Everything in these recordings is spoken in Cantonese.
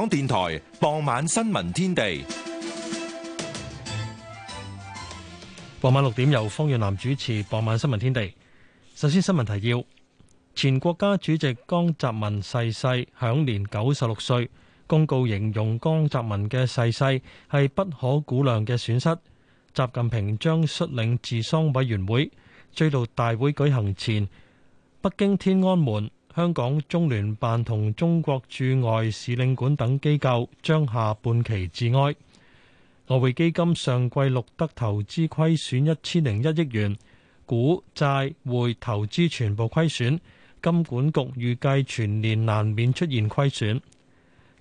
港電台傍晚新聞天地，傍晚六點由方遠南主持。傍晚新聞天地，首先新聞提要：前國家主席江澤民逝世，享年九十六歲。公告形容江澤民嘅逝世係不可估量嘅損失。習近平將率領治喪委員會，追悼大會舉行前，北京天安門。香港中聯辦同中國駐外使領館等機構將下半旗致哀。外匯基金上季錄得投資虧損一千零一億元，股債匯投資全部虧損。金管局預計全年難免出現虧損。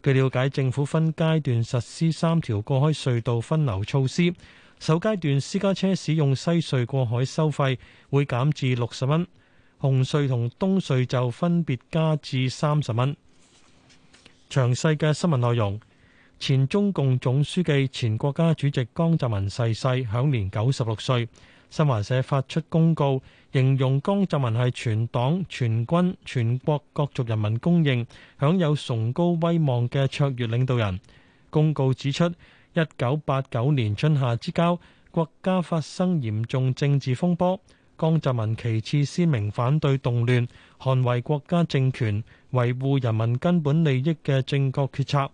據了解，政府分階段實施三條過海隧道分流措施，首階段私家車使用西隧過海收費會減至六十蚊。紅隧同東隧就分別加至三十蚊。詳細嘅新聞內容，前中共總書記、前國家主席江澤民逝世，世，享年九十六歲。新華社發出公告，形容江澤民係全黨全軍全國各族人民公認享有崇高威望嘅卓越領導人。公告指出，一九八九年春夏之交，國家發生嚴重政治風波。江澤民旗幟鮮明反對動亂，捍衛國家政權、維護人民根本利益嘅正確決策，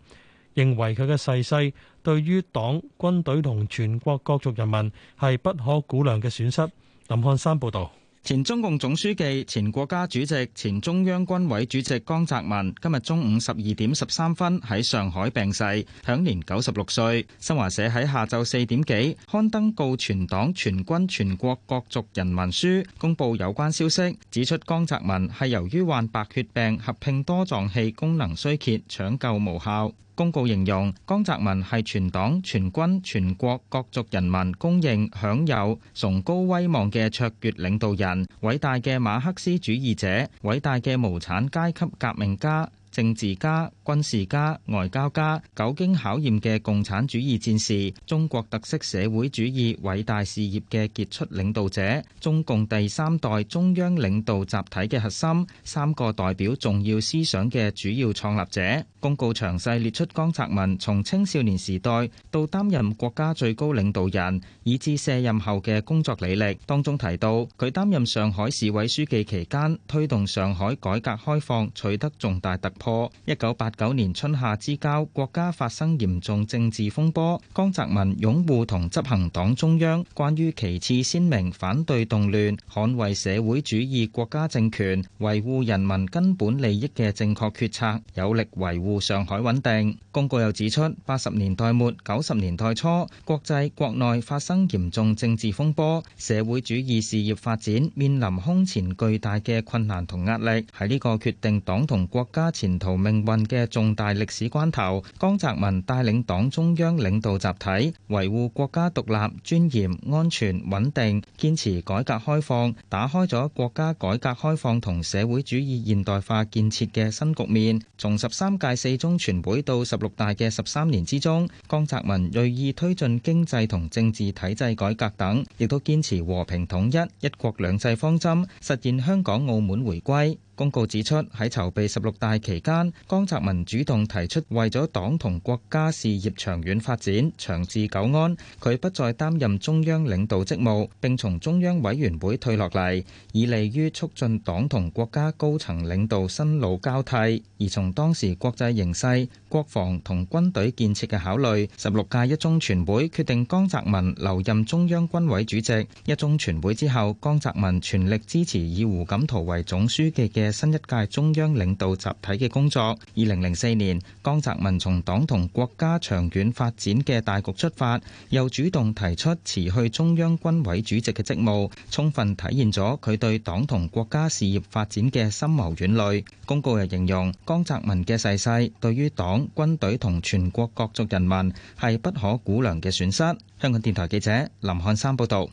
認為佢嘅逝世對於黨、軍隊同全國各族人民係不可估量嘅損失。林漢山報道。前中共總書記、前國家主席、前中央軍委主席江澤民今日中午十二點十三分喺上海病逝，享年九十六歲。新華社喺下晝四點幾刊登告全黨全軍全國各族人民書，公布有關消息，指出江澤民係由於患白血病，合併多臟器功能衰竭，搶救無效。公告形容江澤民係全黨全軍全國各族人民公認享有崇高威望嘅卓越領導人，偉大嘅馬克思主義者，偉大嘅無產階級革命家、政治家、軍事家、外交家，久經考驗嘅共產主義戰士，中國特色社會主義偉大事業嘅傑出領導者，中共第三代中央領導集體嘅核心，三個代表重要思想嘅主要創立者。公告詳細列出江澤民從青少年時代到擔任國家最高領導人以至卸任後嘅工作履歷。當中提到，佢擔任上海市委書記期間，推動上海改革開放取得重大突破。一九八九年春夏之交，國家發生嚴重政治風波，江澤民擁護同執行黨中央關於旗幟鮮明反對動亂、捍衛社會主義國家政權、維護人民根本利益嘅正確決策，有力維護。上海穩定。公告又指出，八十年代末、九十年代初，國際國內發生嚴重政治風波，社會主義事業發展面臨空前巨大嘅困難同壓力。喺呢個決定黨同國家前途命運嘅重大歷史關頭，江澤民帶領黨中央領導集體，維護國家獨立、尊嚴、安全、穩定，堅持改革開放，打開咗國家改革開放同社會主義現代化建設嘅新局面。從十三屆四中全會到十六大嘅十三年之中，江澤民銳意推進經濟同政治體制改革等，亦都堅持和平統一、一國兩制方針，實現香港、澳門回歸。公告指出，喺籌備十六大期間，江澤民主動提出，為咗黨同國家事業長遠發展、長治久安，佢不再擔任中央領導職務，並從中央委員會退落嚟，以利於促進黨同國家高層領導新老交替。而從當時國際形勢、國防同軍隊建設嘅考慮，十六屆一中全會決定江澤民留任中央軍委主席。一中全會之後，江澤民全力支持以胡錦濤為總書記嘅嘅新一屆中央領導集體嘅工作。二零零四年，江澤民從黨同國家長遠發展嘅大局出發，又主動提出辭去中央軍委主席嘅職務，充分體現咗佢對黨同國家事業發展嘅深謀遠慮。公告又形容江澤民嘅逝世，世，對於黨、軍隊同全國各族人民係不可估量嘅損失。香港電台記者林漢山報道。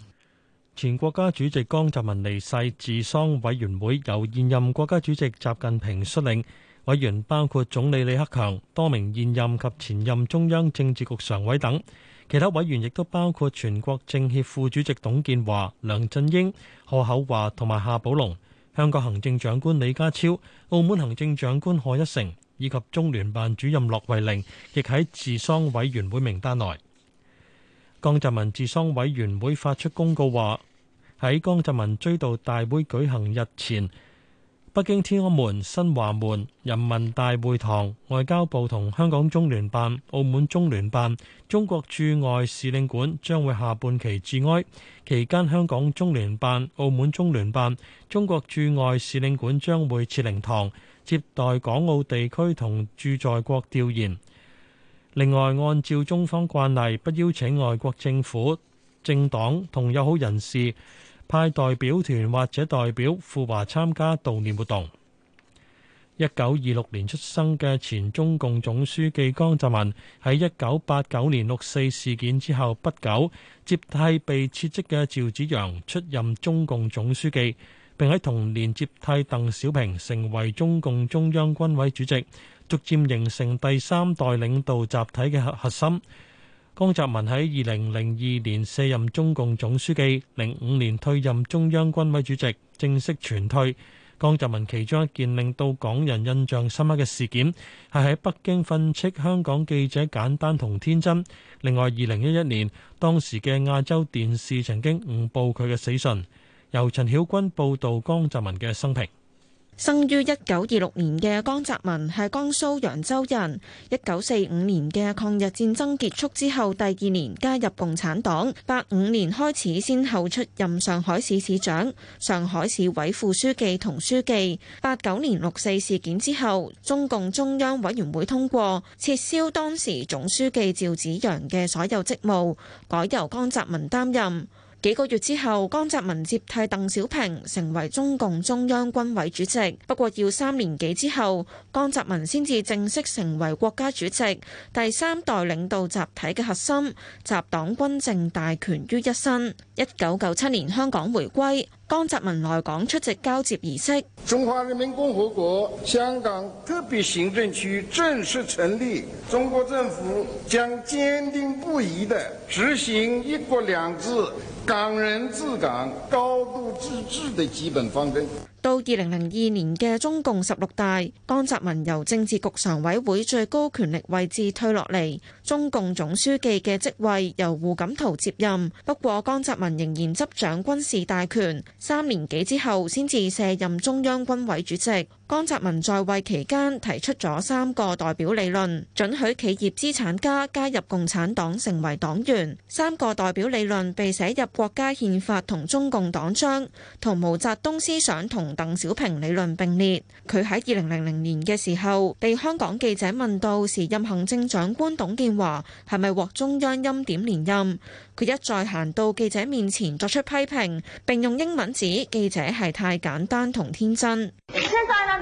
前國家主席江澤民離世，治喪委員會由現任國家主席習近平率領，委員包括總理李克強、多名現任及前任中央政治局常委等，其他委員亦都包括全國政協副主席董建華、梁振英、何厚鏵同埋夏寶龍，香港行政長官李家超、澳門行政長官賀一誠以及中聯辦主任駱惠寧，亦喺治喪委員會名單內。江澤民治喪委員會發出公告話，喺江澤民追悼大會舉行日前，北京天安門、新華門、人民大會堂、外交部同香港中聯辦、澳門中聯辦、中國駐外使領館將會下半旗致哀。期間，香港中聯辦、澳門中聯辦、中國駐外使領館將會設靈堂，接待港澳地區同駐在國吊唁。另外，按照中方慣例，不邀請外國政府、政黨同友好人士派代表團或者代表赴華參加悼念活動。一九二六年出生嘅前中共總書記江澤民，喺一九八九年六四事件之後不久，接替被撤職嘅趙紫陽出任中共總書記，並喺同年接替鄧小平成為中共中央軍委主席。逐漸形成第三代領導集體嘅核核心。江澤民喺二零零二年卸任中共總書記，零五年退任中央軍委主席，正式全退。江澤民其中一件令到港人印象深刻嘅事件，係喺北京訓斥香港記者簡單同天真。另外，二零一一年當時嘅亞洲電視曾經誤報佢嘅死訊。由陳曉君報道江澤民嘅生平。生於一九二六年嘅江澤民係江蘇揚州人。一九四五年嘅抗日戰爭結束之後第二年加入共產黨，八五年開始，先後出任上海市市長，上海市委副書記同書記，八九年六四事件之後，中共中央委員會通過撤銷當時總書記趙紫陽嘅所有職務，改由江澤民擔任。幾個月之後，江澤民接替鄧小平成為中共中央軍委主席，不過要三年幾之後，江澤民先至正式成為國家主席，第三代領導集體嘅核心，集黨軍政大權於一身。一九九七年香港回歸。江澤民來港出席交接儀式。中華人民共和國香港特別行政區正式成立，中國政府將堅定不移地執行“一國兩制”、“港人治港”、高度自治的基本方針。到二零零二年嘅中共十六大，江澤民由政治局常委會最高權力位置退落嚟，中共總書記嘅職位由胡錦濤接任。不過江澤民仍然執掌軍事大權，三年幾之後先至卸任中央軍委主席。江澤民在位期間提出咗三個代表理論，准許企業資產家加入共產黨成為黨員。三個代表理論被寫入國家憲法同中共黨章，同毛澤東思想同鄧小平理論並列。佢喺二零零零年嘅時候，被香港記者問到時任行政長官董建華係咪獲中央欽點連任，佢一再行到記者面前作出批評，並用英文指記者係太簡單同天真。謝曬啦。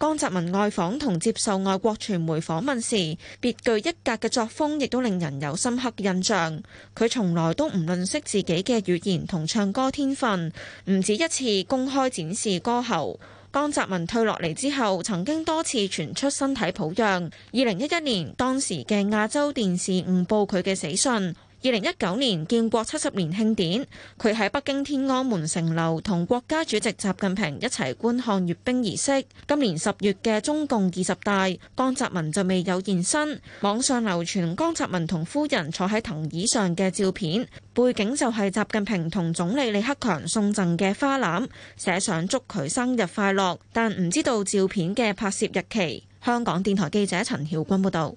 江澤民外訪同接受外國傳媒訪問時，別具一格嘅作風亦都令人有深刻印象。佢從來都唔吝惜自己嘅語言同唱歌天分，唔止一次公開展示歌喉。江澤民退落嚟之後，曾經多次傳出身體抱恙。二零一一年，當時嘅亞洲電視誤報佢嘅死訊。二零一九年建國七十年慶典，佢喺北京天安門城樓同國家主席習近平一齊觀看閱兵儀式。今年十月嘅中共二十大，江澤民就未有現身。網上流傳江澤民同夫人坐喺藤椅上嘅照片，背景就係習近平同總理李克強送贈嘅花籃，寫上祝佢生日快樂，但唔知道照片嘅拍攝日期。香港電台記者陳曉君報道。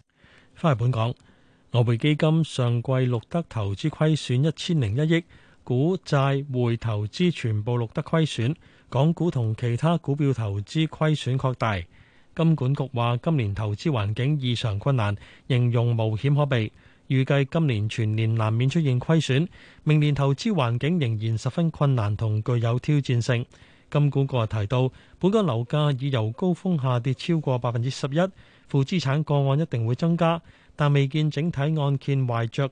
翻嚟本港。我外匯基金上季錄得投資虧損一千零一億，股債匯投資全部錄得虧損，港股同其他股票投資虧損擴大。金管局話今年投資環境異常困難，形容無險可避，預計今年全年難免出現虧損，明年投資環境仍然十分困難同具有挑戰性。金管局提到，本港樓價已由高峰下跌超過百分之十一。負資產個案一定會增加，但未見整體按揭壞賬，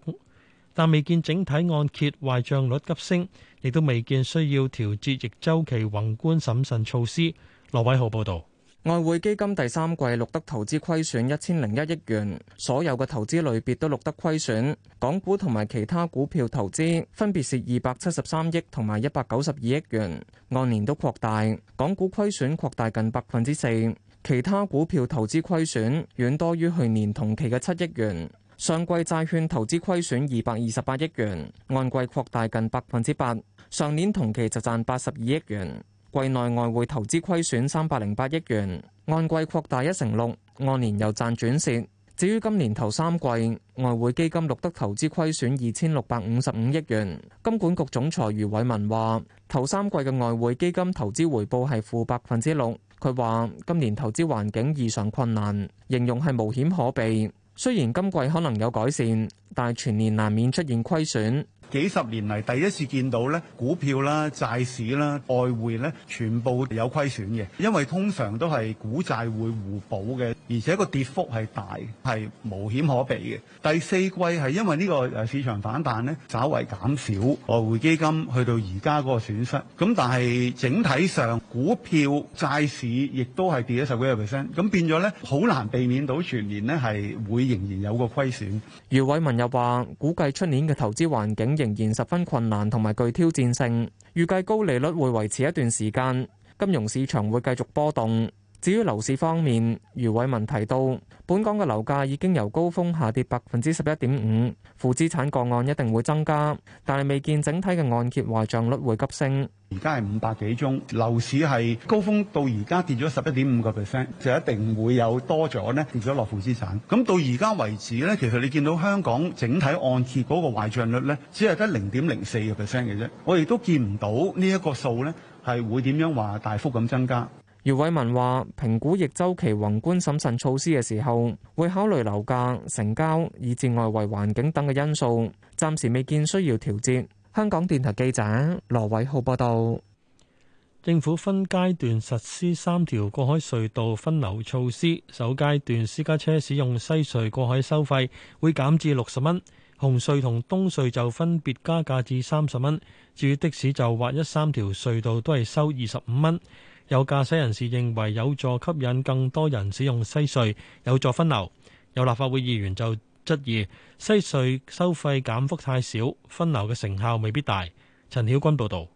但未見整體按揭壞賬率急升，亦都未見需要調節逆周期宏觀審慎措施。羅偉豪報導，外匯基金第三季錄得投資虧損一千零一億元，所有嘅投資類別都錄得虧損，港股同埋其他股票投資分別是二百七十三億同埋一百九十二億元，按年都擴大，港股虧損擴大近百分之四。其他股票投資虧損遠多於去年同期嘅七億元，上季債券投資虧損二百二十八億元，按季擴大近百分之八，上年同期就賺八十二億元。季內外匯投資虧損三百零八億元，按季擴大一成六，按年又賺轉蝕。至於今年頭三季外匯基金錄得投資虧損二千六百五十五億元，金管局總裁余偉文話：頭三季嘅外匯基金投資回報係負百分之六。佢話：今年投資環境異常困難，形容係無險可避。雖然今季可能有改善，但係全年難免出現虧損。幾十年嚟第一次見到咧，股票啦、債市啦、外匯咧，全部有虧損嘅。因為通常都係股債會互補嘅，而且個跌幅係大，係無險可避嘅。第四季係因為呢個誒市場反彈咧，稍為減少外匯基金去到而家嗰個損失。咁但係整體上股票、債市亦都係跌咗十幾個 percent。咁變咗咧，好難避免到全年咧係會仍然有個虧損。余偉文又話，估計出年嘅投資環境，仍然十分困難同埋具挑戰性，預計高利率會維持一段時間，金融市場會繼續波動。至於樓市方面，余偉文提到，本港嘅樓價已經由高峰下跌百分之十一點五，負資產個案一定會增加，但係未見整體嘅按揭壞帳率會急升。而家係五百幾宗，樓市係高峰到而家跌咗十一點五個 percent，就一定會有多咗呢跌咗落負資產。咁到而家為止呢，其實你見到香港整體按揭嗰個壞帳率呢，只係得零點零四個 percent 嘅啫。我亦都見唔到呢一個數呢，係會點樣話大幅咁增加。余偉文話：評估逆周期宏觀審慎措施嘅時候，會考慮樓價、成交、以至外圍環境等嘅因素，暫時未見需要調節。香港電台記者羅偉浩報道，政府分階段實施三條過海隧道分流措施，首階段私家車使用西隧過海收費會減至六十蚊，紅隧同東隧就分別加價至三十蚊，至於的士就劃一三條隧道都係收二十五蚊。有駕駛人士認為有助吸引更多人使用西隧，有助分流。有立法會議員就質疑西隧收費減幅太少，分流嘅成效未必大。陳曉君報道。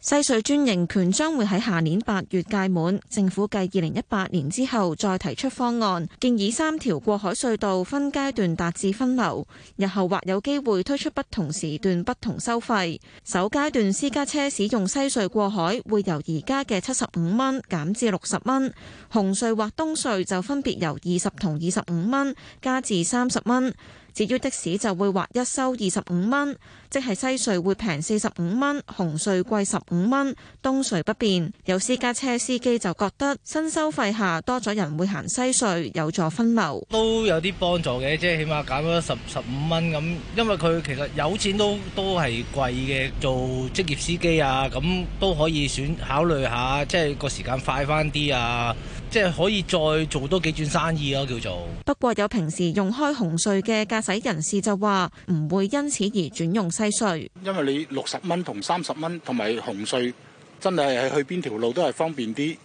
西隧專營權將會喺下年八月屆滿，政府繼二零一八年之後再提出方案，建議三條過海隧道分階段達至分流。日後或有機會推出不同時段不同收費。首階段私家車使用西隧過海會由而家嘅七十五蚊減至六十蚊，紅隧或東隧就分別由二十同二十五蚊加至三十蚊。至於的士就會劃一收二十五蚊，即係西隧會平四十五蚊，紅隧貴十五蚊，東隧不變。有私家車司機就覺得新收費下多咗人會行西隧，有助分流，都有啲幫助嘅，即係起碼減咗十十五蚊咁，因為佢其實有錢都都係貴嘅，做職業司機啊，咁都可以選考慮下，即係個時間快返啲啊。即係可以再做多幾轉生意咯，啊，叫做。不過有平時用開紅隧嘅駕駛人士就話唔會因此而轉用西隧，因為你六十蚊同三十蚊同埋紅隧真係係去邊條路都係方便啲。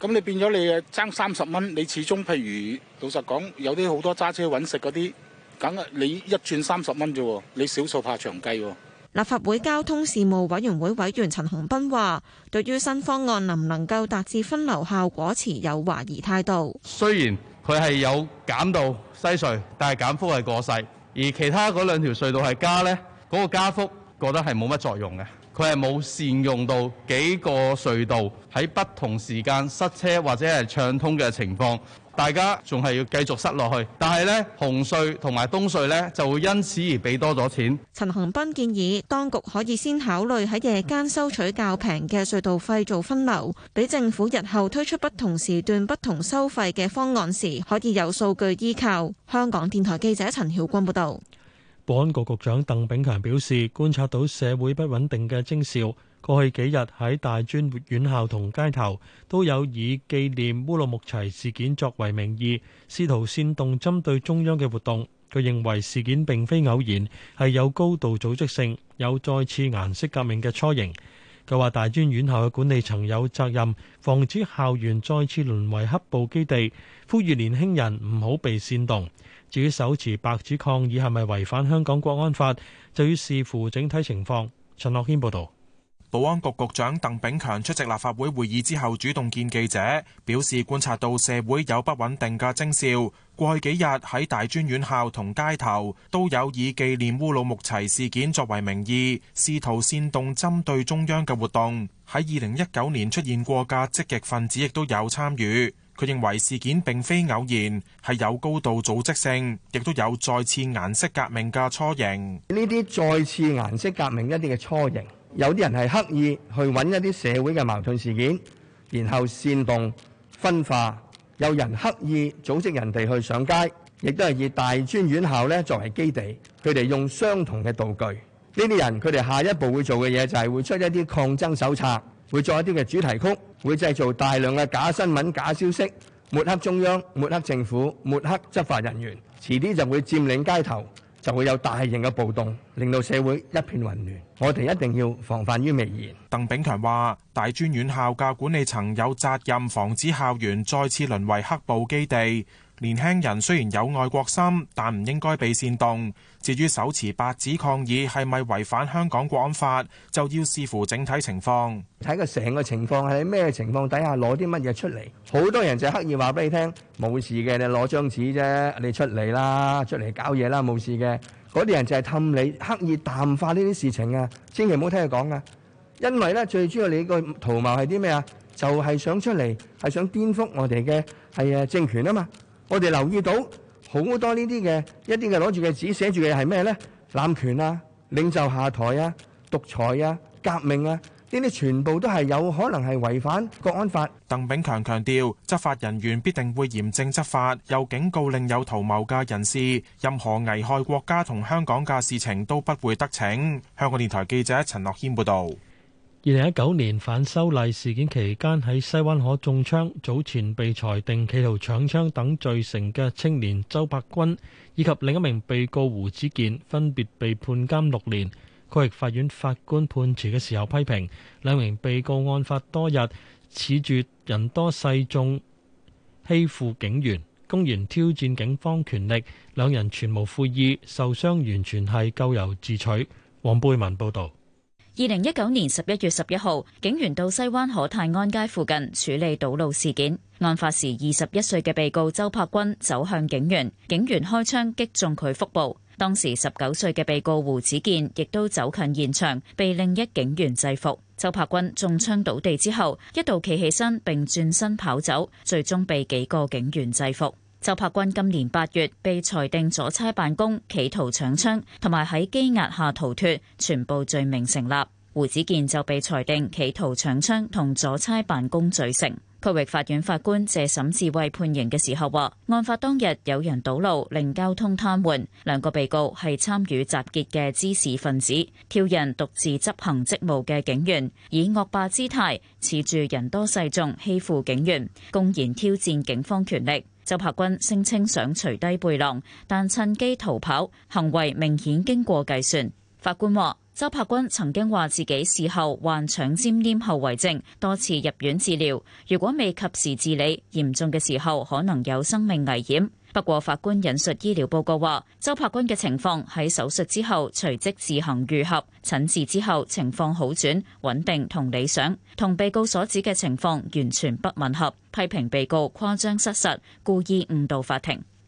咁你變咗你啊爭三十蚊，你始終譬如老實講，有啲好多揸車揾食嗰啲，梗係你一轉三十蚊啫，你少數怕長計。立法會交通事務委員會委員陳恒鑌話：對於新方案能唔能夠達至分流效果，持有懷疑態度。雖然佢係有減到西隧，但係減幅係過細，而其他嗰兩條隧道係加呢，嗰個加幅覺得係冇乜作用嘅。佢係冇善用到幾個隧道喺不同時間塞車或者係暢通嘅情況。大家仲係要繼續塞落去，但係呢，紅隧同埋東隧呢，就會因此而俾多咗錢。陳恒斌建議，當局可以先考慮喺夜間收取較平嘅隧道費做分流，俾政府日後推出不同時段不同收費嘅方案時，可以有數據依靠。香港電台記者陳曉君報道。保安局局長鄧炳強表示，觀察到社會不穩定嘅徵兆。過去幾日喺大專院校同街頭都有以紀念烏魯木齊事件作為名義，試圖煽動針對中央嘅活動。佢認為事件並非偶然，係有高度組織性，有再次顏色革命嘅雛形。佢話：大專院校嘅管理層有責任防止校園再次淪為黑暴基地，呼籲年輕人唔好被煽動。至於手持白紙抗議係咪違反香港國安法，就要視乎整體情況。陳樂軒報導。保安局局長鄧炳強出席立法會會議之後，主動見記者，表示觀察到社會有不穩定嘅徵兆。過去幾日喺大專院校同街頭都有以紀念烏魯木齊事件作為名義，試圖煽動針對中央嘅活動。喺二零一九年出現過嘅積極分子亦都有參與。佢認為事件並非偶然，係有高度組織性，亦都有再次顏色革命嘅雛形。呢啲再次顏色革命一啲嘅雛形。有啲人係刻意去揾一啲社會嘅矛盾事件，然後煽動分化。有人刻意組織人哋去上街，亦都係以大專院校咧作為基地。佢哋用相同嘅道具，呢啲人佢哋下一步會做嘅嘢就係會出一啲抗爭手冊，會作一啲嘅主題曲，會製造大量嘅假新聞、假消息，抹黑中央、抹黑政府、抹黑執法人員。遲啲就會佔領街頭，就會有大型嘅暴動，令到社會一片混亂。我哋一定要防範於未然。鄧炳強話，大專院校教管理層有責任防止校園再次淪為黑暴基地。年輕人雖然有愛國心，但唔應該被煽動。至於手持白紙抗議係咪違反香港國安法，就要視乎整體情況。睇個成個情況喺咩情況底下攞啲乜嘢出嚟。好多人就刻意話俾你聽冇事嘅，你攞張紙啫，你出嚟啦，出嚟搞嘢啦，冇事嘅。嗰啲人就係氹你，刻意淡化呢啲事情啊！千祈唔好聽佢講啊，因為咧最主要你個圖謀係啲咩啊？就係想出嚟係想顛覆我哋嘅係誒政權啊嘛！我哋留意到好多呢啲嘅一啲嘅攞住嘅紙寫住嘅係咩咧？濫權啊，領袖下台啊，獨裁啊，革命啊！呢啲全部都係有可能係違反國安法。鄧炳強強調，執法人員必定會嚴正執法，又警告另有圖謀嘅人士，任何危害國家同香港嘅事情都不會得逞。香港電台記者陳樂軒報導。二零一九年反修例事件期間喺西灣河中槍，早前被裁定企圖搶槍等罪成嘅青年周柏君，以及另一名被告胡志健，分別被判監六年。區域法院法官判處嘅時候，批評兩名被告案發多日，恃住人多勢眾欺負警員，公然挑戰警方權力，兩人全無悔意，受傷完全係咎由自取。黃貝文報導。二零一九年十一月十一號，警員到西灣河泰安街附近處理堵路事件，案發時二十一歲嘅被告周柏君走向警員，警員開槍擊中佢腹部。當時十九歲嘅被告胡子健亦都走近現場，被另一警員制服。周柏君中槍倒地之後，一度企起身並轉身跑走，最終被幾個警員制服。周柏君今年八月被裁定阻差辦公、企圖搶槍同埋喺羈押下逃脫，全部罪名成立。胡子健就被裁定企圖搶槍同阻差辦公罪成。區域法院法官謝沈志偉判刑嘅時候話：案發當日有人堵路，令交通癱瘓。兩個被告係參與集結嘅知識分子，挑釁獨自執行職務嘅警員，以惡霸姿態恃住人多勢眾欺負警員，公然挑戰警方權力。周柏君聲稱想除低背囊，但趁機逃跑，行為明顯經過計算。法官話。周柏君曾經話自己事後患腸尖黏後遺症，多次入院治療。如果未及時治理，嚴重嘅時候可能有生命危險。不過法官引述醫療報告話，周柏君嘅情況喺手術之後隨即自行愈合，診治之後情況好轉，穩定同理想，同被告所指嘅情況完全不吻合，批評被告誇張失實，故意誤導法庭。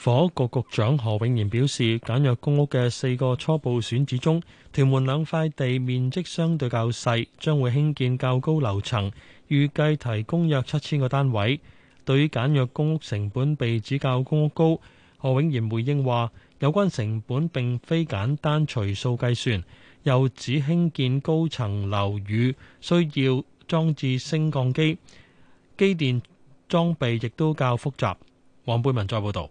房屋局局長何永賢表示，簡約公屋嘅四個初步選址中，屯門兩塊地面積相對較細，將會興建較高樓層，預計提供約七千個單位。對於簡約公屋成本被指較公屋高，何永賢回應話：有關成本並非簡單除數計算，又指興建高層樓宇需要裝置升降機，機電裝備亦都較複雜。黃貝文再報道。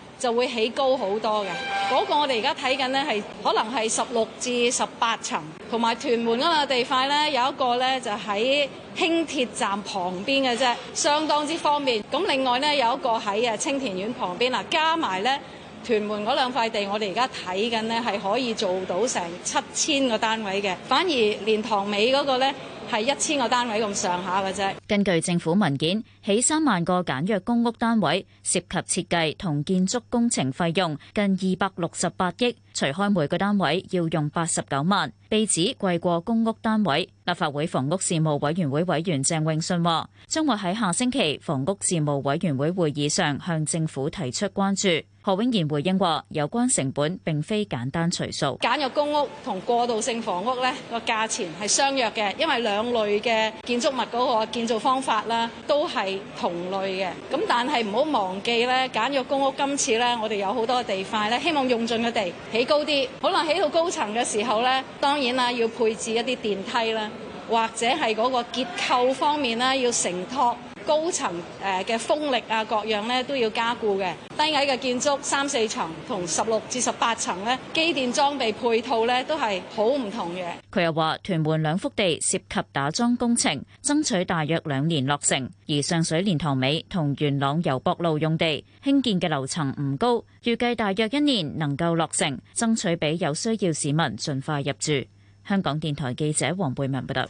就會起高好多嘅，嗰個我哋而家睇緊呢，係可能係十六至十八層，同埋屯門嗰個地塊呢，有一個呢，就喺輕鐵站旁邊嘅啫，相當之方便。咁另外呢，有一個喺啊青田苑旁邊啦，加埋呢屯門嗰兩塊地，我哋而家睇緊呢，係可以做到成七千個單位嘅，反而連塘尾嗰個咧。係一千個單位咁上下嘅啫。根據政府文件，起三萬個簡約公屋單位，涉及設計同建築工程費用近二百六十八億，除開每個單位要用八十九萬，被指貴過公屋單位。立法會房屋事務委員會委員鄭永信話：將會喺下星期房屋事務委員會會議上向政府提出關注。何永賢回應話，有關成本並非簡單除數，簡約公屋同過渡性房屋咧個價錢係相約嘅，因為兩類嘅建築物嗰個建造方法啦，都係同類嘅。咁但係唔好忘記咧，簡約公屋今次咧，我哋有好多嘅地塊咧，希望用盡嘅地起高啲，可能起到高層嘅時候咧，當然啦，要配置一啲電梯啦，或者係嗰個結構方面啦，要承托。高層誒嘅風力啊，各樣咧都要加固嘅。低矮嘅建築三四層同十六至十八層咧，機電裝備配套咧都係好唔同嘅。佢又話屯門兩幅地涉及打樁工程，爭取大約兩年落成。而上水蓮塘尾同元朗油博路用地興建嘅樓層唔高，預計大約一年能夠落成，爭取俾有需要市民盡快入住。香港電台記者黃貝文報道。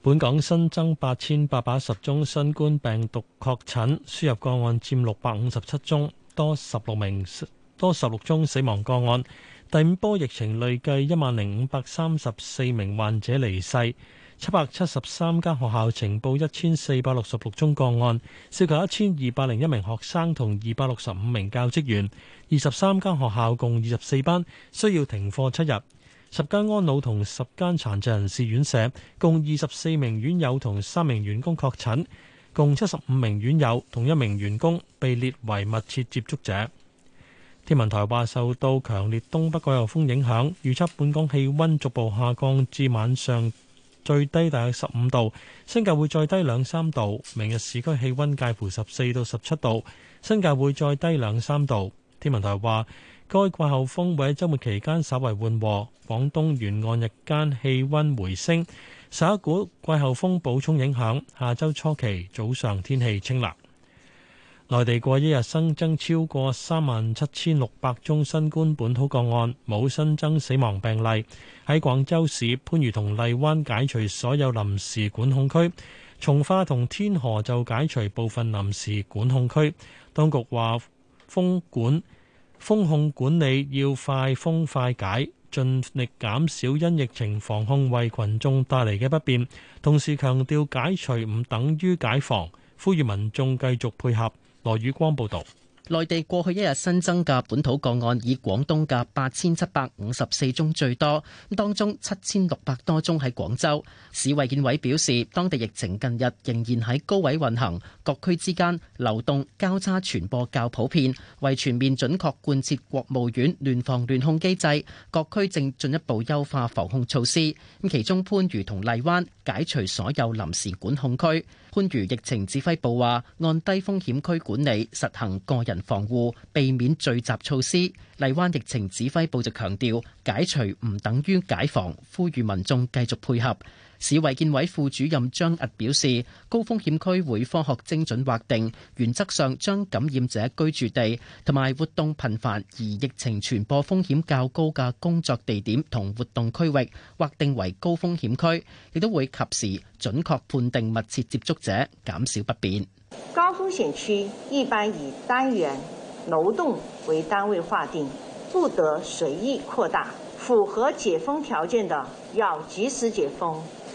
本港新增八千八百一十宗新冠病毒確診，輸入個案占六百五十七宗，多十六名多十六宗死亡個案。第五波疫情累計一萬零五百三十四名患者離世，七百七十三間學校呈報一千四百六十六宗個案，涉及一千二百零一名學生同二百六十五名教職員。二十三間學校共二十四班需要停課七日。十間安老同十間殘疾人士院舍，共二十四名院友同三名員工確診，共七十五名院友同一名員工被列為密切接觸者。天文台話，受到強烈東北季候風影響，預測本港氣温逐步下降至晚上最低大約十五度，新界會再低兩三度。明日市區氣温介乎十四到十七度，新界會再低兩三度。天文台話。該季候風會喺週末期間稍為緩和，廣東沿岸日間氣温回升，受一股季候風補充影響，下週初期早上天氣清涼。內地過一日新增超過三萬七千六百宗新冠本土個案，冇新增死亡病例。喺廣州市番禺同荔灣解除所有臨時管控區，從化同天河就解除部分臨時管控區。當局話封管，風控管理要快封快解，盡力減少因疫情防控為群眾帶嚟嘅不便。同時強調解除唔等於解防，呼籲民眾繼續配合。羅宇光報導。內地過去一日新增嘅本土個案，以廣東嘅八千七百五十四宗最多，咁當中七千六百多宗喺廣州。市衞健委表示，當地疫情近日仍然喺高位運行，各區之間流動交叉傳播較普遍，為全面準確貫徹國務院聯防聯控機制，各區正進一步優化防控措施，其中番禺同荔灣解除所有臨時管控區。番禺疫情指揮部話，按低風險區管理，實行個人防護，避免聚集措施。荔灣疫情指揮部就強調，解除唔等於解防，呼籲民眾繼續配合。市衛健委副主任張屹表示，高風險區會科學精準劃定，原則上將感染者居住地同埋活動頻繁而疫情傳播風險較高嘅工作地點同活動區域劃定為高風險區，亦都會及時準確判定密切接觸者，減少不便。高風險區一般以單元、樓棟為單位劃定，不得隨意擴大。符合解封條件的要及時解封。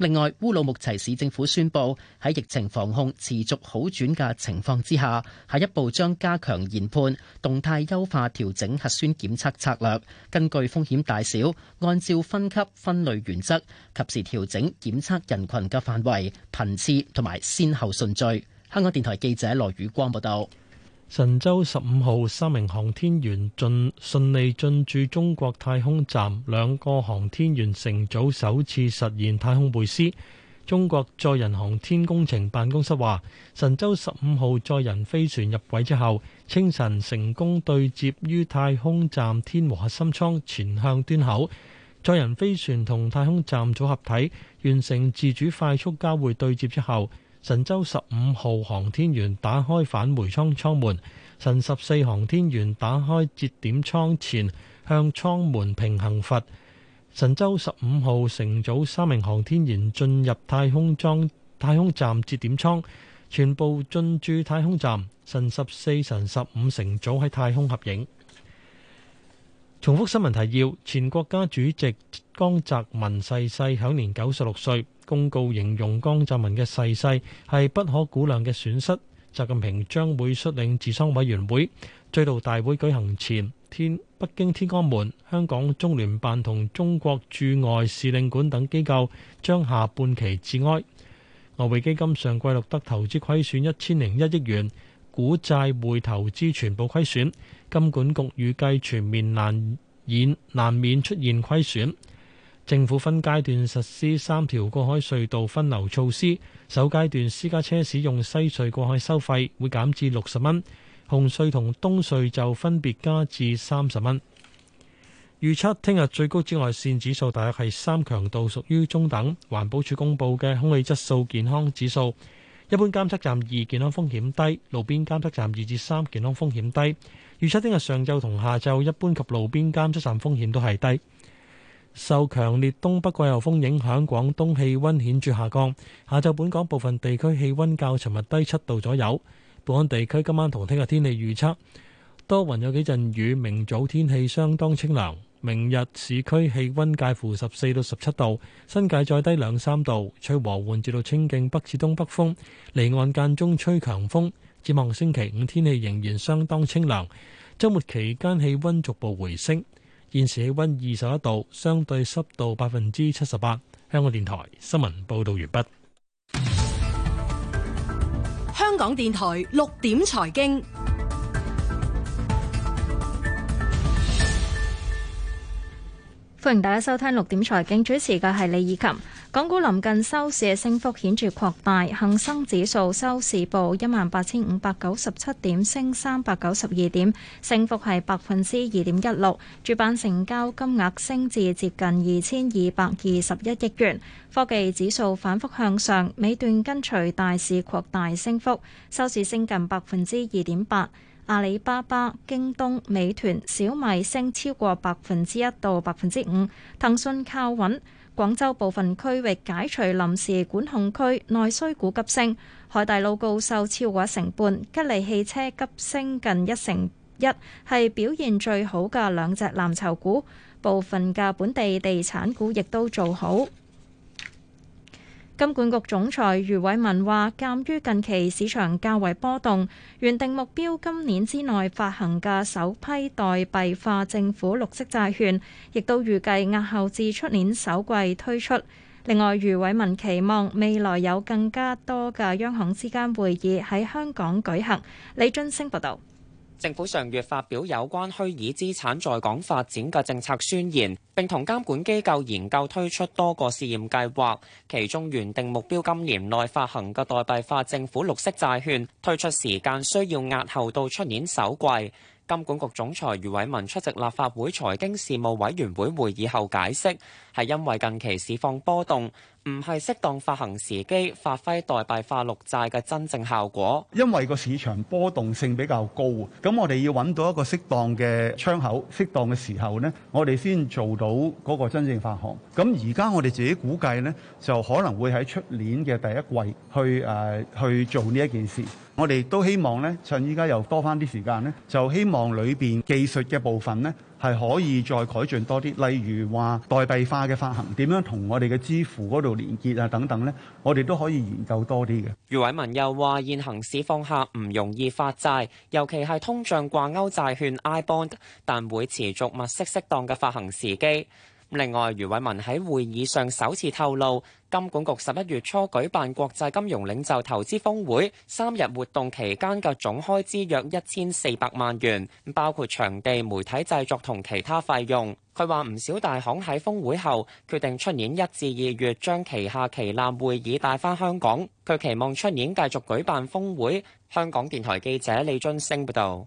另外，烏魯木齊市政府宣布喺疫情防控持續好轉嘅情況之下，下一步將加強研判，動態優化調整核酸檢測策略，根據風險大小，按照分級分類原則，及時調整檢測人群嘅範圍、頻次同埋先後順序。香港電台記者羅宇光報道。神舟十五號三名航天員進順利進駐中國太空站，兩個航天員乘組首次實現太空會師。中國載人航天工程辦公室話，神舟十五號載人飛船入軌之後，清晨成功對接於太空站天和核心艙前向端口，載人飛船同太空站組合體完成自主快速交會對接之後，神舟十五號航天員打開返回艙艙門，神十四航天員打開節點艙前向艙門平衡閥，神舟十五號乘組三名航天員進入太空艙太空站節點艙，全部進駐太空站，神十四、神十五乘組喺太空合影。重複新聞提要：前國家主席江澤民逝世，世，享年九十六歲。公告形容江澤民嘅逝世係不可估量嘅損失。習近平將會率領治喪委員會，追悼大會舉行前，天北京天安門、香港中聯辦同中國駐外使領館等機構將下半旗致哀。外匯基金上季錄得投資虧損一千零一億元。股債匯投資全部虧損，金管局預計全面難演難免出現虧損。政府分階段實施三條過海隧道分流措施，首階段私家車使用西隧過海收費會減至六十蚊，紅隧同東隧就分別加至三十蚊。預測聽日最高紫外線指數大約係三強度，屬於中等。環保署公佈嘅空氣質素健康指數。一般監測站二，健康風險低，路邊監測站二至三，健康風險低。預測聽日上晝同下晝一般及路邊監測站風險都係低。受強烈東北季候風影響，廣東氣溫顯著下降。下晝本港部分地區氣溫較尋日低七度左右。本港地區今晚同聽日天氣預測多雲，有幾陣雨。明早天氣相當清涼。明日市區氣溫介乎十四到十七度，新界再低兩三度，吹和緩至到清勁北至東北風，離岸間中吹強風。展望星期五天氣仍然相當清涼，周末期間氣溫逐步回升。現時氣溫二十一度，相對濕度百分之七十八。香港電台新聞報道完畢。香港電台六點財經。歡迎大家收聽六點財經，主持嘅係李以琴。港股臨近收市嘅升幅顯著擴大，恒生指數收市報一萬八千五百九十七點，升三百九十二點，升幅係百分之二點一六。主板成交金額升至接近二千二百二十一億元。科技指數反復向上，尾段跟隨大市擴大升幅，收市升近百分之二點八。阿里巴巴、京東、美團、小米升超過百分之一到百分之五，騰訊靠穩，廣州部分區域解除臨時管控區，內需股急升，海大路高收超過成半，吉利汽車急升近一成一，係表現最好嘅兩隻藍籌股。部分嘅本地地產股亦都做好。金管局總裁余偉文話，鑒於近期市場較為波動，原定目標今年之內發行嘅首批代幣化政府綠色債券，亦都預計押後至出年首季推出。另外，余偉文期望未來有更加多嘅央行之間會議喺香港舉行。李俊升報道。政府上月發表有關虛擬資產在港發展嘅政策宣言，並同監管機構研究推出多個試驗計劃，其中原定目標今年內發行嘅代幣化政府綠色債券推出時間需要押後到出年首季。金管局總裁余偉文出席立法會財經事務委員會會議後解釋，係因為近期市況波動。唔係適當發行時機，發揮代幣化綠債嘅真正效果。因為個市場波動性比較高，咁我哋要揾到一個適當嘅窗口，適當嘅時候咧，我哋先做到嗰個真正發行。咁而家我哋自己估計咧，就可能會喺出年嘅第一季去誒、呃、去做呢一件事。我哋都希望咧，趁依家又多翻啲時間咧，就希望裏邊技術嘅部分咧。係可以再改進多啲，例如話代幣化嘅發行點樣同我哋嘅支付嗰度連結啊等等咧，我哋都可以研究多啲嘅。余偉文又話：現行市況下唔容易發債，尤其係通脹掛鈎債券 I bond，但會持續物色適當嘅發行時機。另外，余偉文喺會議上首次透露。金管局十一月初舉辦國際金融領袖投資峰會，三日活動期間嘅總開支約一千四百萬元，包括場地、媒體製作同其他費用。佢話唔少大行喺峰會後決定出年一至二月將旗下旗艦會議帶翻香港。佢期望出年繼續舉辦峰會。香港電台記者李津升報道。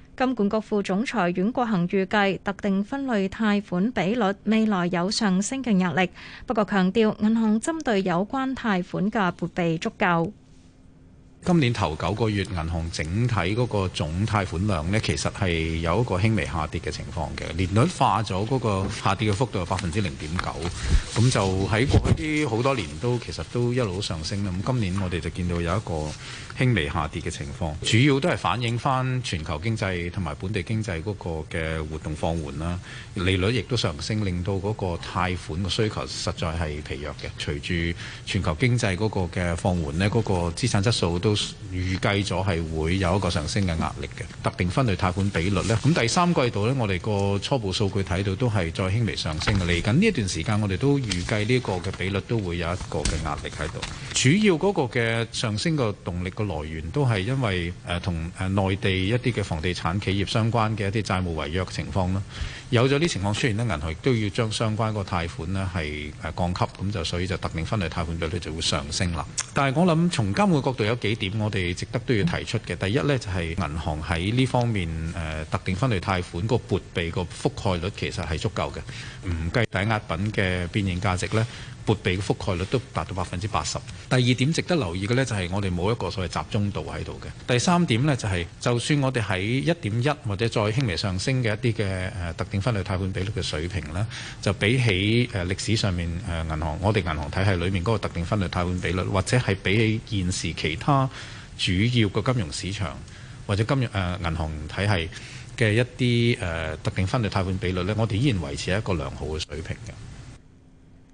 金管局副總裁阮國恆預計，特定分類貸款比率未來有上升嘅壓力，不過強調銀行針對有關貸款嘅撥備足夠。今年頭九個月，銀行整體嗰個總貸款量咧，其實係有一個輕微下跌嘅情況嘅。年率化咗嗰個下跌嘅幅度係百分之零點九，咁就喺過去啲好多年都其實都一路上升啦。咁今年我哋就見到有一個輕微下跌嘅情況，主要都係反映翻全球經濟同埋本地經濟嗰個嘅活動放緩啦。利率亦都上升，令到嗰個貸款嘅需求實在係疲弱嘅。隨住全球經濟嗰個嘅放緩咧，嗰個資產質素都。預計咗係會有一個上升嘅壓力嘅，特定分類貸款比率呢，咁第三季度呢，我哋個初步數據睇到都係再輕微上升嘅。嚟緊呢一段時間我哋都預計呢個嘅比率都會有一個嘅壓力喺度，主要嗰個嘅上升嘅動力嘅來源都係因為誒同誒內地一啲嘅房地產企業相關嘅一啲債務違約嘅情況啦。有咗呢情況出現呢，銀行亦都要將相關個貸款呢，係誒降級，咁就所以就特定分類貸款比率就會上升啦。但係我諗從監管角度有幾點我哋值得都要提出嘅。第一呢，就係、是、銀行喺呢方面誒特定分類貸款個撥備個覆蓋率其實係足夠嘅，唔計抵押品嘅變現價值呢，撥備嘅覆蓋率都達到百分之八十。第二點值得留意嘅呢，就係、是、我哋冇一個所謂集中度喺度嘅。第三點呢，就係、是、就算我哋喺一點一或者再輕微上升嘅一啲嘅誒特定分類貸款比率嘅水平呢，就比起誒歷史上面誒、啊、銀行我哋銀行體系裏面嗰個特定分類貸款比率，或者係比起現時其他主要嘅金融市場或者金融誒、啊、銀行體系嘅一啲誒、啊、特定分類貸款比率呢，我哋依然維持一個良好嘅水平嘅。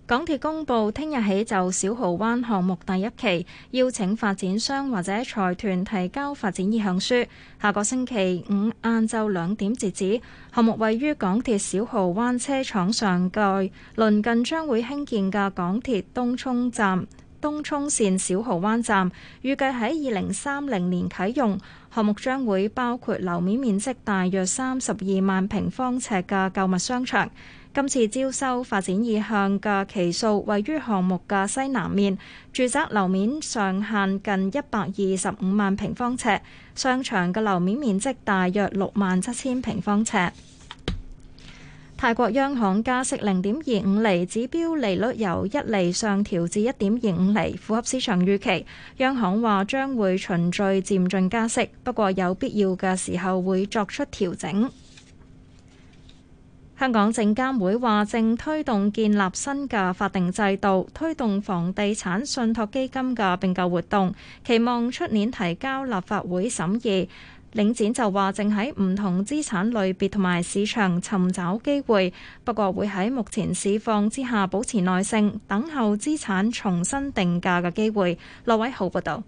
港鐵公佈，聽日起就小蠔灣項目第一期邀請發展商或者財團提交發展意向書。下個星期五晏晝兩點截止。項目位於港鐵小蠔灣車廠上蓋，鄰近將會興建嘅港鐵東涌站、東涌線小蠔灣站，預計喺二零三零年啟用。項目將會包括樓面面積大約三十二萬平方尺嘅購物商場。今次招收發展意向嘅期數位於項目嘅西南面，住宅樓面上限近一百二十五萬平方尺，商場嘅樓面面積大約六萬七千平方尺。泰國央行加息零點二五厘，指標利率由一厘上調至一點二五厘，符合市場預期。央行話將會循序漸進加息，不過有必要嘅時候會作出調整。香港證監會話正推動建立新嘅法定制度，推動房地產信託基金嘅併購活動，期望出年提交立法會審議。領展就話正喺唔同資產類別同埋市場尋找機會，不過會喺目前市況之下保持耐性，等候資產重新定價嘅機會，羅偉浩報道。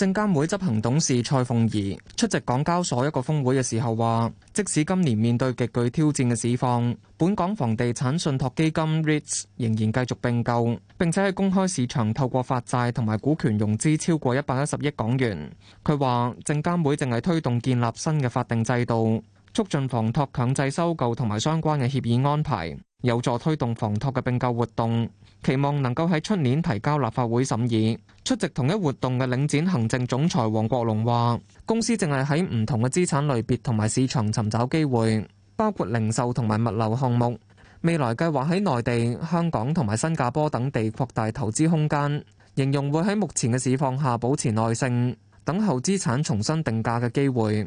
證監會執行董事蔡鳳儀出席港交所一個峰會嘅時候話，即使今年面對極具挑戰嘅市況，本港房地產信託基金 REITs 仍然繼續併購，並且喺公開市場透過發債同埋股權融資超過一百一十億港元。佢話證監會正係推動建立新嘅法定制度，促進房託強制收購同埋相關嘅協議安排，有助推動房託嘅併購活動。期望能夠喺出年提交立法會審議。出席同一活動嘅領展行政總裁王國龍話：公司正係喺唔同嘅資產類別同埋市場尋找機會，包括零售同埋物流項目。未來計劃喺內地、香港同埋新加坡等地擴大投資空間，形容會喺目前嘅市況下保持耐性，等候資產重新定價嘅機會。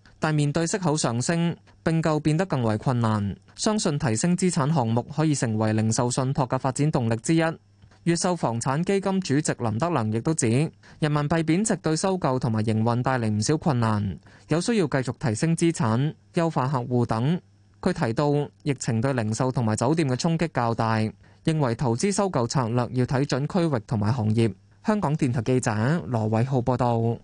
但面對息口上升，併購變得更為困難，相信提升資產項目可以成為零售信託嘅發展動力之一。越秀房產基金主席林德良亦都指，人民幣貶值對收購同埋營運帶嚟唔少困難，有需要繼續提升資產優化客戶等。佢提到疫情對零售同埋酒店嘅衝擊較大，認為投資收購策略要睇準區域同埋行業，香港電台記者羅偉浩報道。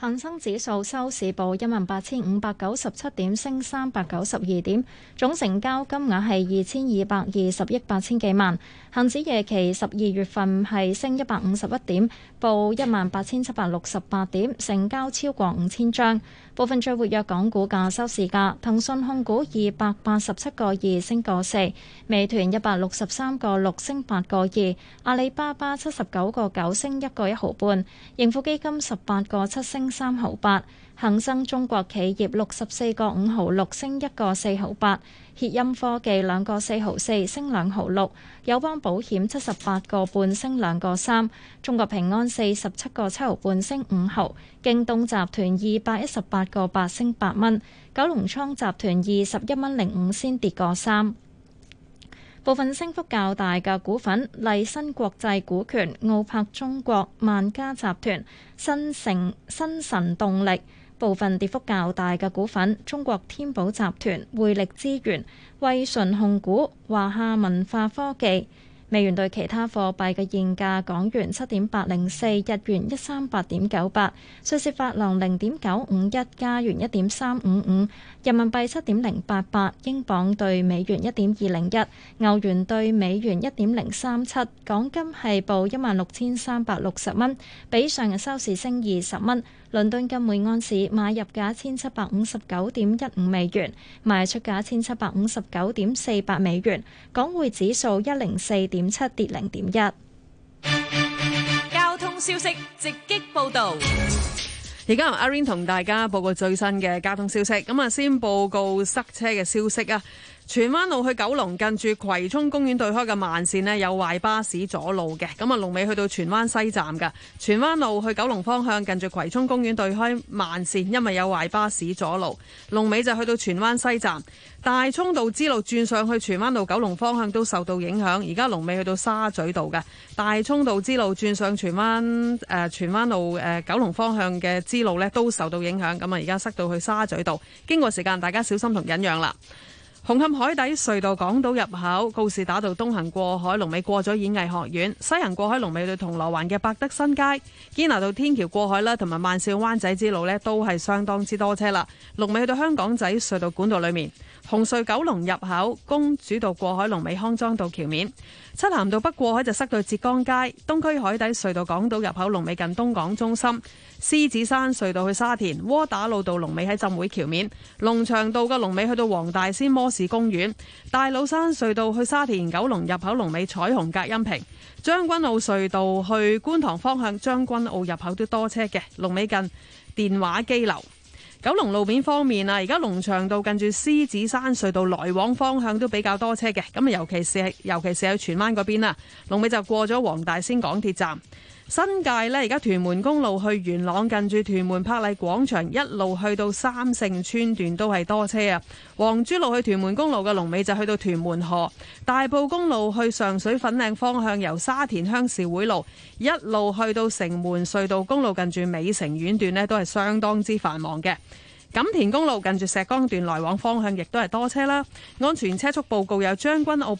恒生指數收市報一萬八千五百九十七點，升三百九十二點，總成交金額係二千二百二十億八千幾萬。恒指夜期十二月份係升一百五十一點，報一萬八千七百六十八點，成交超過五千張。部分最活躍港股價收市價：騰訊控股二百八十七個二升個四，美團一百六十三個六升八個二，阿里巴巴七十九個九升一個一毫半，盈富基金十八個七升三毫八。恒生中國企業六十四個五毫六升一個四毫八，協鑫科技兩個四毫四升兩毫六，友邦保險七十八個半升兩個三，中國平安四十七個七毫半升五毫，京東集團二百一十八個八升八蚊，九龍倉集團二十一蚊零五先跌個三，部分升幅較大嘅股份，麗新國際股權、奧柏中國、萬家集團、新城、新神動力。部分跌幅較大嘅股份：中國天寶集團、匯力資源、惠順控股、華夏文化科技。美元兌其他貨幣嘅現價：港元七點八零四，日元一三八點九八，瑞士法郎零點九五一，加元一點三五五，人民幣七點零八八，英鎊兌美元一點二零一，歐元兌美元一點零三七。港金係報一萬六千三百六十蚊，比上日收市升二十蚊。倫敦金每安士買入價一千七百五十九點一五美元，賣出價一千七百五十九點四八美元。港匯指數一零四點七跌零點一。交通消息直擊報道，而家由阿 Rain 同大家報告最新嘅交通消息。咁啊，先報告塞車嘅消息啊。荃灣路去九龍近住葵涌公園對開嘅慢線呢，有壞巴士阻路嘅，咁啊龍尾去到荃灣西站㗎。荃灣路去九龍方向近住葵涌公園對開慢線，因為有壞巴士阻路，龍尾就去到荃灣西站。大涌道支路轉上去荃灣路九龍方向都受到影響，而家龍尾去到沙咀道嘅大涌道支路轉上荃灣誒荃灣路誒、呃、九龍方向嘅支路呢都受到影響，咁啊而家塞到去沙咀道。經過時間，大家小心同忍讓啦。紅磡海底隧道港島入口，告士打道東行過海，龍尾過咗演藝學院；西行過海，龍尾去到銅鑼灣嘅百德新街。堅拿道天橋過海啦，同埋萬少灣仔之路呢，都係相當之多車啦。龍尾去到香港仔隧道管道裏面，紅隧九龍入口，公主道過海，龍尾康莊道橋面。漆咸道北過海就塞到浙江街。東區海底隧道港島入口，龍尾近東港中心。獅子山隧道去沙田，窩打老道龍尾喺浸會橋面。龍翔道嘅龍尾去到黃大仙摩。公園、大老山隧道去沙田九龍入口、龍尾彩虹隔音屏、將軍澳隧道去觀塘方向、將軍澳入口都多車嘅，龍尾近電話機樓。九龍路面方面啊，而家龍翔道近住獅子山隧道來往方向都比較多車嘅，咁啊，尤其是係尤其是係荃灣嗰邊啦，龍尾就過咗黃大仙港鐵站。新界呢，而家屯門公路去元朗，近住屯門柏麗廣場一路去到三聖村段都係多車啊。黃珠路去屯門公路嘅龍尾就去到屯門河，大埔公路去上水粉嶺方向，由沙田鄉事會路一路去到城門隧道公路，近住美城苑段咧都係相當之繁忙嘅。錦田公路近住石崗段來往方向亦都係多車啦。安全車速報告有將軍澳。